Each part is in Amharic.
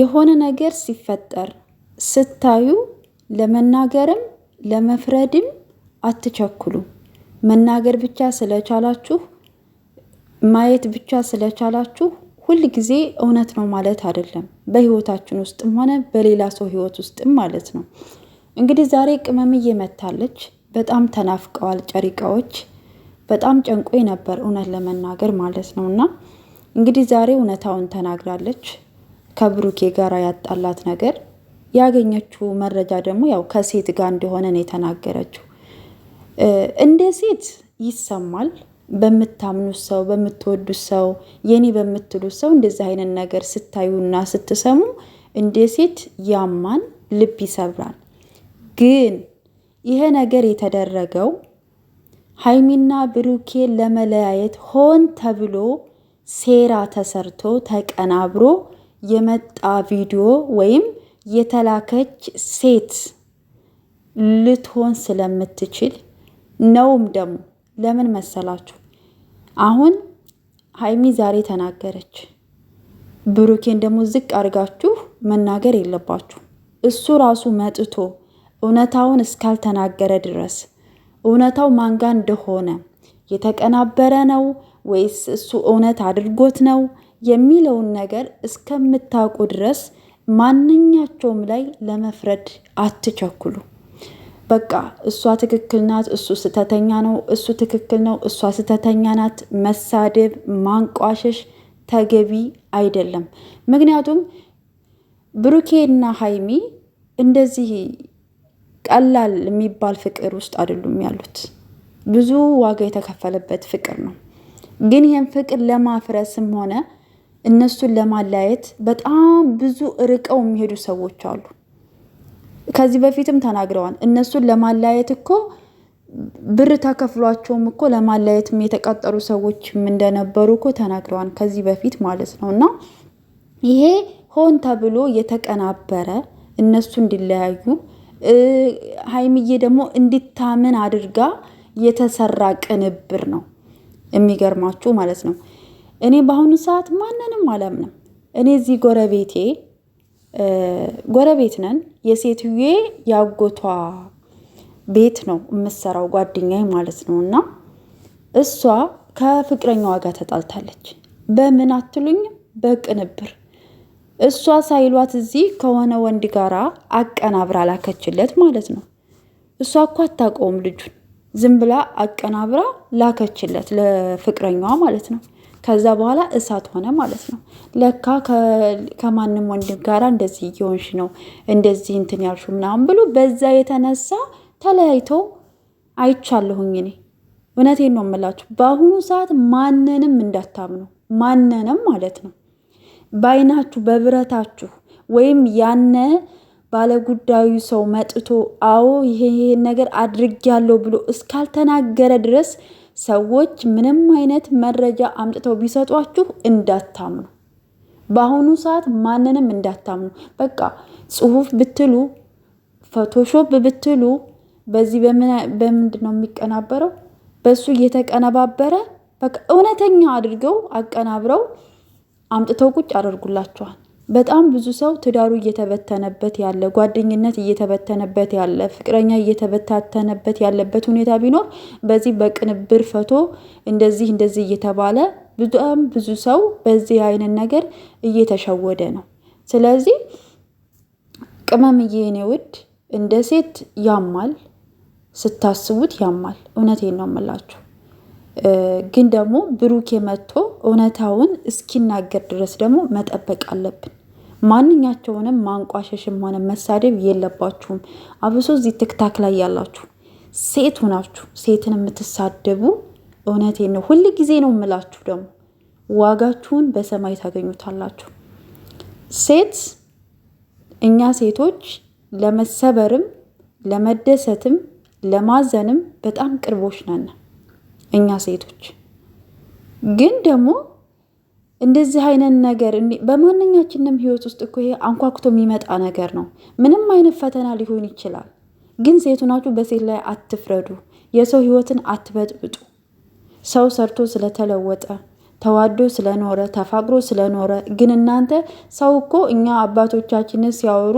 የሆነ ነገር ሲፈጠር ስታዩ ለመናገርም ለመፍረድም አትቸኩሉ። መናገር ብቻ ስለቻላችሁ ማየት ብቻ ስለቻላችሁ ሁል ጊዜ እውነት ነው ማለት አይደለም። በህይወታችን ውስጥም ሆነ በሌላ ሰው ህይወት ውስጥም ማለት ነው። እንግዲህ ዛሬ ቅመምዬ መታለች። በጣም ተናፍቀዋል ጨሪቃዎች። በጣም ጨንቆ ነበር እውነት ለመናገር ማለት ነው። እና እንግዲህ ዛሬ እውነታውን ተናግራለች። ከብሩኬ ጋር ያጣላት ነገር ያገኘችው መረጃ ደግሞ ያው ከሴት ጋር እንደሆነ ነው የተናገረችው። እንደ ሴት ይሰማል። በምታምኑት ሰው፣ በምትወዱት ሰው፣ የኔ በምትሉት ሰው እንደዚህ አይነት ነገር ስታዩና ስትሰሙ እንደ ሴት ያማን፣ ልብ ይሰብራል። ግን ይሄ ነገር የተደረገው ሀይሚና ብሩኬ ለመለያየት ሆን ተብሎ ሴራ ተሰርቶ ተቀናብሮ የመጣ ቪዲዮ ወይም የተላከች ሴት ልትሆን ስለምትችል ነውም። ደግሞ ለምን መሰላችሁ? አሁን ሀይሚ ዛሬ ተናገረች። ብሩኬን ደግሞ ዝቅ አድርጋችሁ መናገር የለባችሁ። እሱ ራሱ መጥቶ እውነታውን እስካልተናገረ ድረስ እውነታው ማንጋ እንደሆነ የተቀናበረ ነው ወይስ እሱ እውነት አድርጎት ነው የሚለውን ነገር እስከምታውቁ ድረስ ማንኛቸውም ላይ ለመፍረድ አትቸኩሉ። በቃ እሷ ትክክል ናት፣ እሱ ስተተኛ ነው፣ እሱ ትክክል ነው፣ እሷ ስተተኛ ናት፣ መሳደብ፣ ማንቋሸሽ ተገቢ አይደለም። ምክንያቱም ብሩኬና ሀይሚ እንደዚህ ቀላል የሚባል ፍቅር ውስጥ አይደሉም ያሉት። ብዙ ዋጋ የተከፈለበት ፍቅር ነው። ግን ይህን ፍቅር ለማፍረስም ሆነ እነሱን ለማለያየት በጣም ብዙ ርቀው የሚሄዱ ሰዎች አሉ። ከዚህ በፊትም ተናግረዋል። እነሱን ለማለያየት እኮ ብር ተከፍሏቸውም እኮ ለማለያየትም የተቀጠሩ ሰዎችም እንደነበሩ እኮ ተናግረዋል። ከዚህ በፊት ማለት ነው። እና ይሄ ሆን ተብሎ የተቀናበረ እነሱ እንዲለያዩ ሀይምዬ ደግሞ እንዲታምን አድርጋ የተሰራ ቅንብር ነው። የሚገርማችሁ ማለት ነው። እኔ በአሁኑ ሰዓት ማንንም አላምንም። እኔ እዚህ ጎረቤቴ ጎረቤት ነን። የሴትዬ የአጎቷ ቤት ነው የምሰራው ጓደኛዬ ማለት ነው። እና እሷ ከፍቅረኛዋ ጋር ተጣልታለች። በምን አትሉኝም? በቅንብር እሷ ሳይሏት እዚህ ከሆነ ወንድ ጋራ አቀናብራ ላከችለት ማለት ነው። እሷ እኮ አታውቀውም ልጁን፣ ዝም ብላ አቀናብራ ላከችለት ለፍቅረኛዋ ማለት ነው። ከዛ በኋላ እሳት ሆነ ማለት ነው። ለካ ከማንም ወንድም ጋራ እንደዚህ እየሆንሽ ነው እንደዚህ እንትን ያልሹ ምናምን ብሎ በዛ የተነሳ ተለያይቶ አይቻለሁኝ እኔ እውነቴን ነው የምላችሁ። በአሁኑ ሰዓት ማንንም እንዳታምኑ ማንንም ማለት ነው። በአይናችሁ በብረታችሁ ወይም ያነ ባለጉዳዩ ሰው መጥቶ አዎ ይሄ ይሄን ነገር አድርጌያለሁ ብሎ እስካልተናገረ ድረስ ሰዎች ምንም አይነት መረጃ አምጥተው ቢሰጧችሁ እንዳታምኑ። በአሁኑ ሰዓት ማንንም እንዳታምኑ። በቃ ጽሁፍ ብትሉ ፎቶሾፕ ብትሉ በዚህ በምንድን ነው የሚቀናበረው? በሱ እየተቀነባበረ በቃ እውነተኛ አድርገው አቀናብረው አምጥተው ቁጭ አደርጉላቸዋል? በጣም ብዙ ሰው ትዳሩ እየተበተነበት ያለ ጓደኝነት እየተበተነበት ያለ ፍቅረኛ እየተበታተነበት ያለበት ሁኔታ ቢኖር በዚህ በቅንብር ፈቶ እንደዚህ እንደዚህ እየተባለ በጣም ብዙ ሰው በዚህ አይነት ነገር እየተሸወደ ነው። ስለዚህ ቅመምዬ የኔ ውድ እንደ ሴት ያማል፣ ስታስቡት ያማል። እውነቴን ነው የምላችሁ። ግን ደግሞ ብሩኬ መጥቶ እውነታውን እስኪናገር ድረስ ደግሞ መጠበቅ አለብን። ማንኛቸውንም ማንቋሸሽም ሆነ መሳደብ የለባችሁም። አብሶ እዚህ ትክታክ ላይ ያላችሁ ሴት ሆናችሁ ሴትን የምትሳደቡ እውነቴ ነው፣ ሁል ጊዜ ነው የምላችሁ። ደግሞ ዋጋችሁን በሰማይ ታገኙታላችሁ። ሴት እኛ ሴቶች ለመሰበርም ለመደሰትም ለማዘንም በጣም ቅርቦች ነን። እኛ ሴቶች ግን ደግሞ እንደዚህ አይነት ነገር በማንኛችንም ህይወት ውስጥ እኮ ይሄ አንኳኩቶ የሚመጣ ነገር ነው። ምንም አይነት ፈተና ሊሆን ይችላል። ግን ሴቱ ናችሁ፣ በሴት ላይ አትፍረዱ። የሰው ህይወትን አትበጥብጡ። ሰው ሰርቶ ስለተለወጠ ተዋዶ ስለኖረ ተፋቅሮ ስለኖረ፣ ግን እናንተ ሰው እኮ እኛ አባቶቻችን ሲያወሩ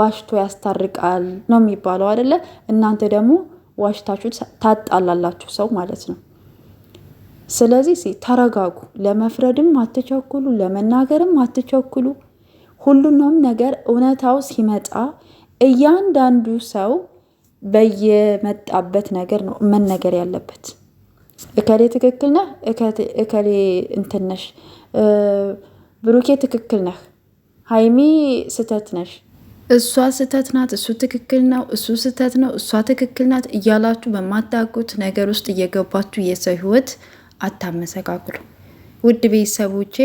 ዋሽቶ ያስታርቃል ነው የሚባለው አይደለ? እናንተ ደግሞ ዋሽታችሁ ታጣላላችሁ ሰው ማለት ነው። ስለዚህ ተረጋጉ። ለመፍረድም አትቸኩሉ፣ ለመናገርም አትቸኩሉ። ሁሉንም ነገር እውነታው ሲመጣ እያንዳንዱ ሰው በየመጣበት ነገር ነው መነገር ያለበት። እከሌ ትክክል ነህ፣ እከሌ እንትን ነሽ፣ ብሩኬ ትክክል ነህ፣ ሀይሚ ስህተት ነሽ፣ እሷ ስህተት ናት፣ እሱ ትክክል ነው፣ እሱ ስህተት ነው፣ እሷ ትክክል ናት እያላችሁ በማታውቁት ነገር ውስጥ እየገባችሁ የሰው ህይወት አታመሰቃቅሉ። ውድ ቤተሰቦቼ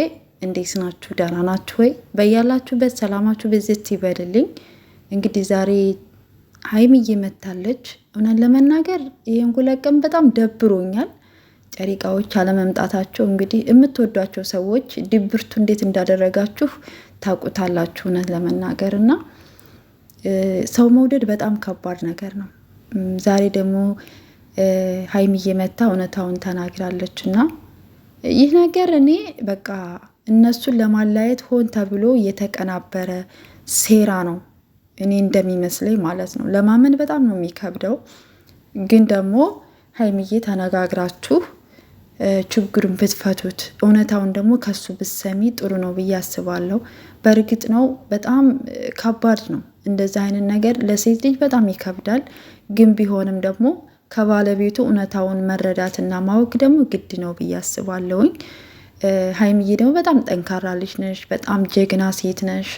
እንዴት ናችሁ? ደህና ናችሁ ወይ? በያላችሁበት ሰላማችሁ ብዝት ይበልልኝ። እንግዲህ ዛሬ ሀይም እየመታለች እውነት ለመናገር ይህን በጣም ደብሮኛል። ጨሪቃዎች አለመምጣታቸው እንግዲህ የምትወዷቸው ሰዎች ድብርቱ እንዴት እንዳደረጋችሁ ታውቁታላችሁ። እውነት ለመናገር እና ሰው መውደድ በጣም ከባድ ነገር ነው። ዛሬ ደግሞ ሀይሚዬ መታ እውነታውን ተናግራለች እና ይህ ነገር እኔ በቃ እነሱን ለማለያየት ሆን ተብሎ የተቀናበረ ሴራ ነው እኔ እንደሚመስለኝ ማለት ነው። ለማመን በጣም ነው የሚከብደው። ግን ደግሞ ሀይሚዬ ተነጋግራችሁ ችግሩን ብትፈቱት እውነታውን ደግሞ ከሱ ብትሰሚ ጥሩ ነው ብዬ አስባለሁ። በእርግጥ ነው በጣም ከባድ ነው እንደዚህ አይነት ነገር ለሴት ልጅ በጣም ይከብዳል። ግን ቢሆንም ደግሞ ከባለቤቱ እውነታውን መረዳትና ማወቅ ደግሞ ግድ ነው ብዬ አስባለሁኝ። ሀይምዬ ደግሞ በጣም ጠንካራ ልጅ ነሽ፣ በጣም ጀግና ሴት ነሽ።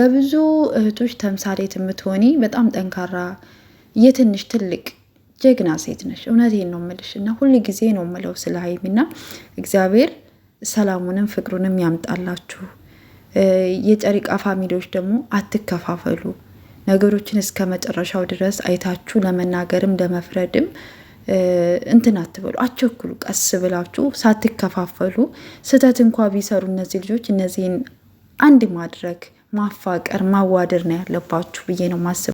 ለብዙ እህቶች ተምሳሌት የምትሆኒ በጣም ጠንካራ የትንሽ ትልቅ ጀግና ሴት ነሽ። እውነቴን ነው ምልሽ እና ሁል ጊዜ ነው ምለው ስለ ሀይሚና እግዚአብሔር ሰላሙንም ፍቅሩንም ያምጣላችሁ። የጨሪቃ ፋሚሊዎች ደግሞ አትከፋፈሉ። ነገሮችን እስከ መጨረሻው ድረስ አይታችሁ ለመናገርም ለመፍረድም እንትን አትበሉ፣ አቸኩሉ። ቀስ ብላችሁ ሳትከፋፈሉ ስህተት እንኳ ቢሰሩ እነዚህ ልጆች እነዚህን አንድ ማድረግ ማፋቀር፣ ማዋደር ነው ያለባችሁ ብዬ ነው ማስበው።